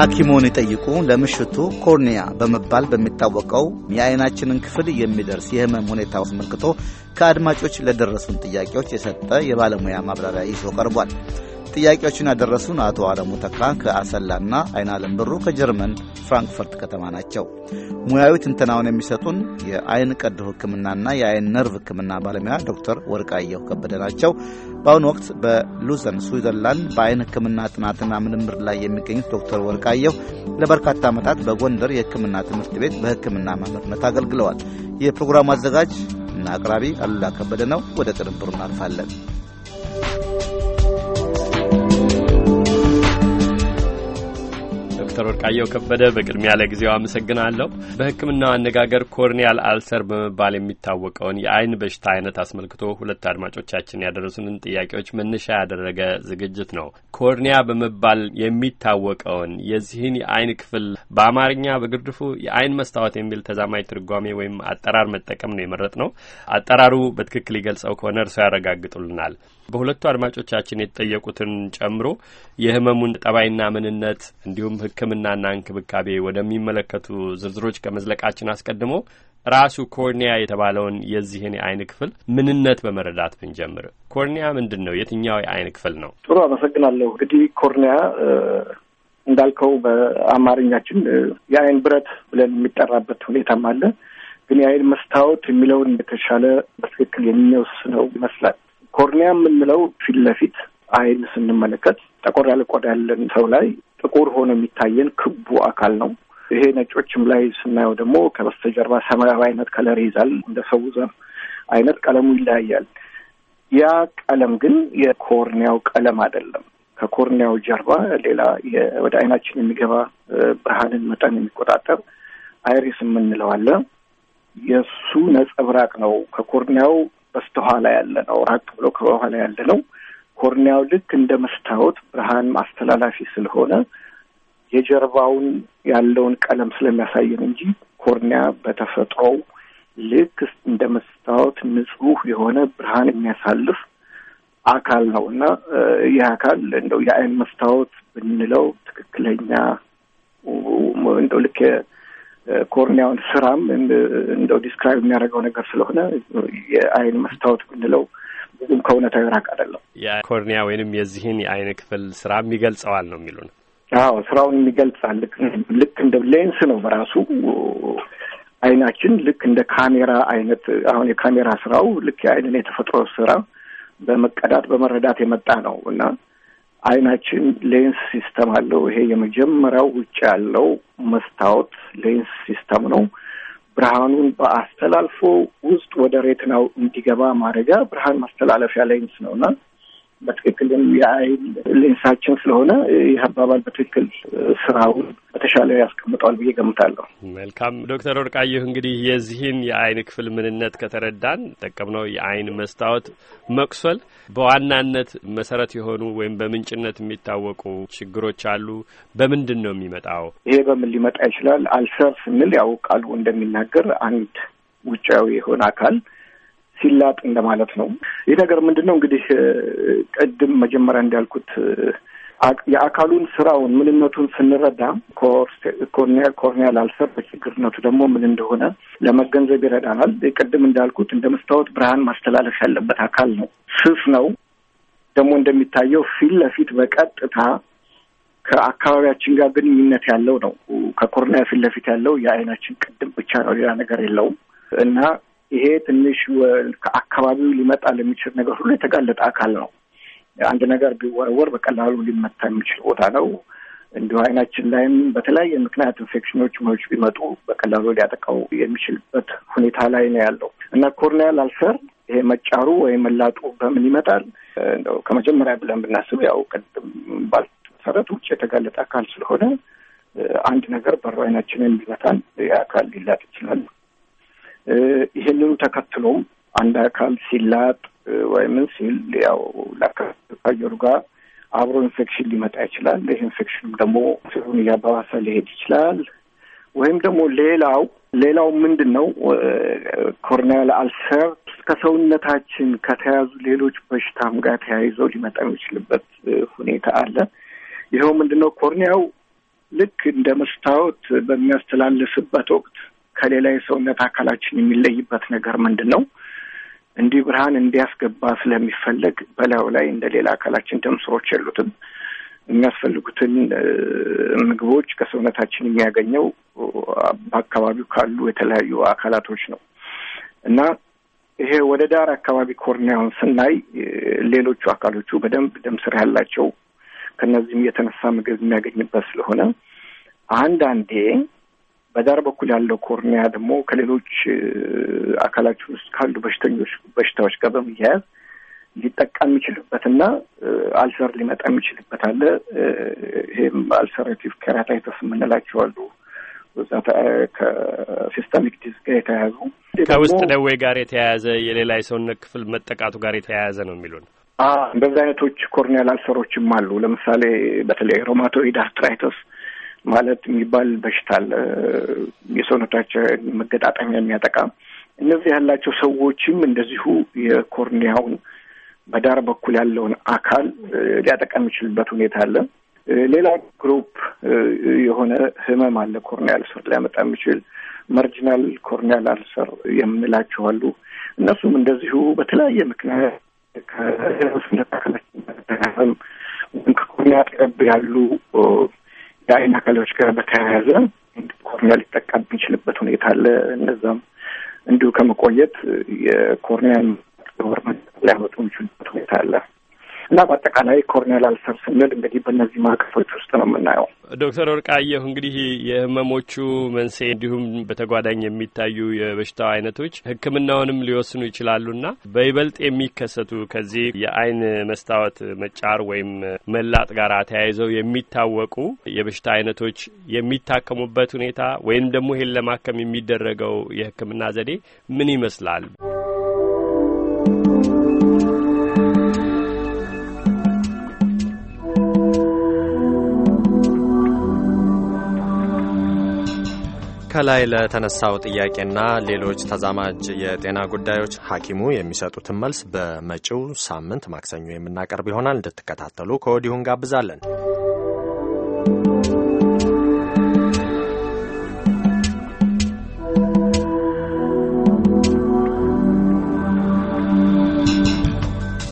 ሐኪሞን ይጠይቁ ለምሽቱ ኮርኒያ በመባል በሚታወቀው የአይናችንን ክፍል የሚደርስ የህመም ሁኔታ አስመልክቶ ከአድማጮች ለደረሱን ጥያቄዎች የሰጠ የባለሙያ ማብራሪያ ይዞ ቀርቧል። ጥያቄዎቹን ያደረሱን አቶ አለሙ ተካ ከአሰላና አይናለም ብሩ ከጀርመን ፍራንክፈርት ከተማ ናቸው። ሙያዊ ትንተናውን የሚሰጡን የአይን ቀዶ ሕክምናና የአይን ነርቭ ሕክምና ባለሙያ ዶክተር ወርቃየሁ ከበደ ናቸው። በአሁኑ ወቅት በሉዘን ስዊዘርላንድ በአይን ሕክምና ጥናትና ምርምር ላይ የሚገኙት ዶክተር ወርቃየሁ ለበርካታ ዓመታት በጎንደር የሕክምና ትምህርት ቤት በሕክምና መምህርነት አገልግለዋል። የፕሮግራሙ አዘጋጅ እና አቅራቢ አሉላ ከበደ ነው። ወደ ቅንብሩ እናልፋለን። ዶክተር ወርቃየው ከበደ በቅድሚያ ለጊዜው አመሰግናለሁ። በሕክምናው አነጋገር ኮርኒያል አልሰር በመባል የሚታወቀውን የአይን በሽታ አይነት አስመልክቶ ሁለት አድማጮቻችን ያደረሱንን ጥያቄዎች መነሻ ያደረገ ዝግጅት ነው። ኮርኒያ በመባል የሚታወቀውን የዚህን የአይን ክፍል በአማርኛ በግርድፉ የአይን መስታወት የሚል ተዛማጅ ትርጓሜ ወይም አጠራር መጠቀም ነው የመረጥ ነው። አጠራሩ በትክክል ይገልጸው ከሆነ እርሶ ያረጋግጡልናል። በሁለቱ አድማጮቻችን የተጠየቁትን ጨምሮ የህመሙን ጠባይና ምንነት እንዲሁም ሕክምና ሕክምናና እንክብካቤ ወደሚመለከቱ ዝርዝሮች ከመዝለቃችን አስቀድሞ ራሱ ኮርኒያ የተባለውን የዚህን የአይን ክፍል ምንነት በመረዳት ብንጀምር፣ ኮርኒያ ምንድን ነው? የትኛው የአይን ክፍል ነው? ጥሩ አመሰግናለሁ። እንግዲህ ኮርኒያ እንዳልከው በአማርኛችን የአይን ብረት ብለን የሚጠራበት ሁኔታም አለ። ግን የአይን መስታወት የሚለውን እንደተሻለ በትክክል የሚወስነው ይመስላል። ኮርኒያ የምንለው ፊት ለፊት አይን ስንመለከት ጠቆር ያለ ቆዳ ያለን ሰው ላይ ጥቁር ሆኖ የሚታየን ክቡ አካል ነው። ይሄ ነጮችም ላይ ስናየው ደግሞ ከበስተጀርባ ሰማያዊ አይነት ከለር ይዛል። እንደ ሰው ዘር አይነት ቀለሙ ይለያያል። ያ ቀለም ግን የኮርኒያው ቀለም አይደለም። ከኮርኒያው ጀርባ ሌላ ወደ አይናችን የሚገባ ብርሃንን መጠን የሚቆጣጠር አይሪስ የምንለው አለ። የእሱ ነጸብራቅ ነው። ከኮርኒያው በስተኋላ ያለ ነው። ራቅ ብሎ ከኋላ ያለ ነው። ኮርኒያው ልክ እንደ መስታወት ብርሃን ማስተላላፊ ስለሆነ የጀርባውን ያለውን ቀለም ስለሚያሳየን እንጂ ኮርኒያ በተፈጥሮው ልክ እንደ መስታወት ንጹህ የሆነ ብርሃን የሚያሳልፍ አካል ነው እና ይህ አካል እንደው የአይን መስታወት ብንለው ትክክለኛ እንደው ልክ ኮርኒያውን ስራም እንደው ዲስክራይብ የሚያደርገው ነገር ስለሆነ የአይን መስታወት ብንለው ብዙም ከእውነታው የራቅ አይደለም። የኮርኒያ ወይንም የዚህን የአይን ክፍል ስራ የሚገልጸዋል ነው የሚሉን። አዎ ስራውን የሚገልጻል። ልክ እንደ ሌንስ ነው በራሱ አይናችን ልክ እንደ ካሜራ አይነት አሁን የካሜራ ስራው ልክ የአይንን የተፈጥሮ ስራ በመቀዳት በመረዳት የመጣ ነው እና አይናችን ሌንስ ሲስተም አለው። ይሄ የመጀመሪያው ውጭ ያለው መስታወት ሌንስ ሲስተም ነው። ብርሃኑን በአስተላልፎ ውስጥ ወደ ሬትናው እንዲገባ ማድረጊያ ብርሃን ማስተላለፊያ ሌንስ ነው እና በትክክል የአይን ሌንሳችን ስለሆነ ይህ አባባል በትክክል ስራውን በተሻለ ያስቀምጠዋል ብዬ ገምታለሁ። መልካም ዶክተር ወርቃየሁ እንግዲህ የዚህን የአይን ክፍል ምንነት ከተረዳን ጠቀምነው የአይን መስታወት መቁሰል በዋናነት መሰረት የሆኑ ወይም በምንጭነት የሚታወቁ ችግሮች አሉ። በምንድን ነው የሚመጣው? ይሄ በምን ሊመጣ ይችላል? አልሰር ስንል ያው ቃሉ እንደሚናገር አንድ ውጫዊ የሆነ አካል ሲላጥ እንደማለት ነው። ይህ ነገር ምንድን ነው እንግዲህ ቅድም መጀመሪያ እንዳልኩት የአካሉን ስራውን ምንነቱን ስንረዳ ኮርኒያል ኮርኒያል አልሰር በችግርነቱ ደግሞ ምን እንደሆነ ለመገንዘብ ይረዳናል። ቅድም እንዳልኩት እንደ መስታወት ብርሃን ማስተላለፍ ያለበት አካል ነው። ስስ ነው። ደግሞ እንደሚታየው ፊት ለፊት በቀጥታ ከአካባቢያችን ጋር ግንኙነት ያለው ነው። ከኮርኒያ ፊት ለፊት ያለው የአይናችን ቅድም ብቻ ነው፣ ሌላ ነገር የለውም እና ይሄ ትንሽ ከአካባቢው ሊመጣ ለሚችል ነገር ሁሉ የተጋለጠ አካል ነው። አንድ ነገር ቢወረወር በቀላሉ ሊመታ የሚችል ቦታ ነው። እንዲሁ አይናችን ላይም በተለያየ ምክንያት ኢንፌክሽኖች ሞች ቢመጡ በቀላሉ ሊያጠቃው የሚችልበት ሁኔታ ላይ ነው ያለው እና ኮርኒያል አልሰር ይሄ መጫሩ ወይም መላጡ በምን ይመጣል? እንደው ከመጀመሪያ ብለን ብናስብ ያው ቅድም ባልኩት መሰረት ውጭ የተጋለጠ አካል ስለሆነ አንድ ነገር በሩ አይናችንን ቢመታን ያ አካል ሊላጥ ይችላል። ይሄንኑ ተከትሎም አንድ አካል ሲላጥ ወይም ሲል ያው ከአየሩ ጋር አብሮ ኢንፌክሽን ሊመጣ ይችላል። ይህ ኢንፌክሽንም ደግሞ ሲሆን እያባባሰ ሊሄድ ይችላል። ወይም ደግሞ ሌላው ሌላው ምንድን ነው ኮርኒያል አልሰር ከሰውነታችን ከተያዙ ሌሎች በሽታም ጋር ተያይዘው ሊመጣ የሚችልበት ሁኔታ አለ። ይኸው ምንድን ነው ኮርኒያው ልክ እንደ መስታወት በሚያስተላልፍበት ወቅት ከሌላ የሰውነት አካላችን የሚለይበት ነገር ምንድን ነው? እንዲህ ብርሃን እንዲያስገባ ስለሚፈለግ በላዩ ላይ እንደ ሌላ አካላችን ደም ስሮች የሉትም። የሚያስፈልጉትን ምግቦች ከሰውነታችን የሚያገኘው በአካባቢው ካሉ የተለያዩ አካላቶች ነው እና ይሄ ወደ ዳር አካባቢ ኮርኒያውን ስናይ ሌሎቹ አካሎቹ በደንብ ደም ስር ያላቸው ከነዚህም የተነሳ ምግብ የሚያገኝበት ስለሆነ አንዳንዴ በዳር በኩል ያለው ኮርኒያ ደግሞ ከሌሎች አካላችን ውስጥ ካሉ በሽተኞች በሽታዎች ጋር በመያያዝ ሊጠቃ የሚችልበት እና አልሰር ሊመጣ የሚችልበት አለ። ይህም አልሰርቲቭ ከራታይተስ የምንላቸው አሉ። ከሲስተሚክ ዲዝ ጋር የተያያዙ ከውስጥ ደዌ ጋር የተያያዘ የሌላ የሰውነት ክፍል መጠቃቱ ጋር የተያያዘ ነው የሚሉን እንደዚህ አይነቶች ኮርኒያል አልሰሮችም አሉ። ለምሳሌ በተለይ ሮማቶይድ አርትራይተስ ማለት የሚባል በሽታ አለ፣ የሰውነታችን መገጣጠሚያ የሚያጠቃ እነዚህ ያላቸው ሰዎችም እንደዚሁ የኮርኒያውን በዳር በኩል ያለውን አካል ሊያጠቃ የሚችልበት ሁኔታ አለ። ሌላ ግሩፕ የሆነ ህመም አለ፣ ኮርኒያል ስር ሊያመጣ የሚችል መርጂናል ኮርኒያል አልሰር የምንላቸው አሉ። እነሱም እንደዚሁ በተለያየ ምክንያት ከሰውነት አካላችን ወይም ከኮርኒያ ጠብ ያሉ የአይን አካሎች ጋር በተያያዘ ኮርኒያ ሊጠቃብ የሚችልበት ሁኔታ አለ። እነዛም እንዲሁ ከመቆየት የኮርኒያን ሊያመጡ የሚችልበት ሁኔታ አለ። እና በአጠቃላይ ኮርኔል አልሰር ስንል እንግዲህ በእነዚህ ማዕቀፎች ውስጥ ነው የምናየው። ዶክተር ወርቃየሁ እንግዲህ የህመሞቹ መንስኤ እንዲሁም በተጓዳኝ የሚታዩ የበሽታው አይነቶች ህክምናውንም ሊወስኑ ይችላሉና በይበልጥ የሚከሰቱ ከዚህ የአይን መስታወት መጫር ወይም መላጥ ጋር ተያይዘው የሚታወቁ የበሽታ አይነቶች የሚታከሙበት ሁኔታ ወይም ደግሞ ይሄን ለማከም የሚደረገው የህክምና ዘዴ ምን ይመስላል? ከላይ ለተነሳው ጥያቄና ሌሎች ተዛማጅ የጤና ጉዳዮች ሐኪሙ የሚሰጡትን መልስ በመጪው ሳምንት ማክሰኞ የምናቀርብ ይሆናል። እንድትከታተሉ ከወዲሁ እንጋብዛለን።